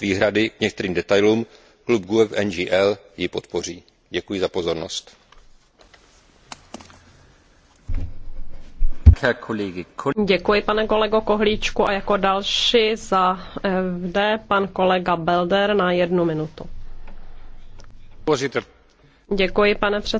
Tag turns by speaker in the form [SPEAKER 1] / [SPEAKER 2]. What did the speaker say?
[SPEAKER 1] výhrady k některým detailům klub gue ngl ji podpoří. děkuji za pozornost.
[SPEAKER 2] Děkuji, pane kolego Kohlíčku. A jako další za FD pan kolega Belder na jednu minutu. Děkuji, pane
[SPEAKER 3] předsedající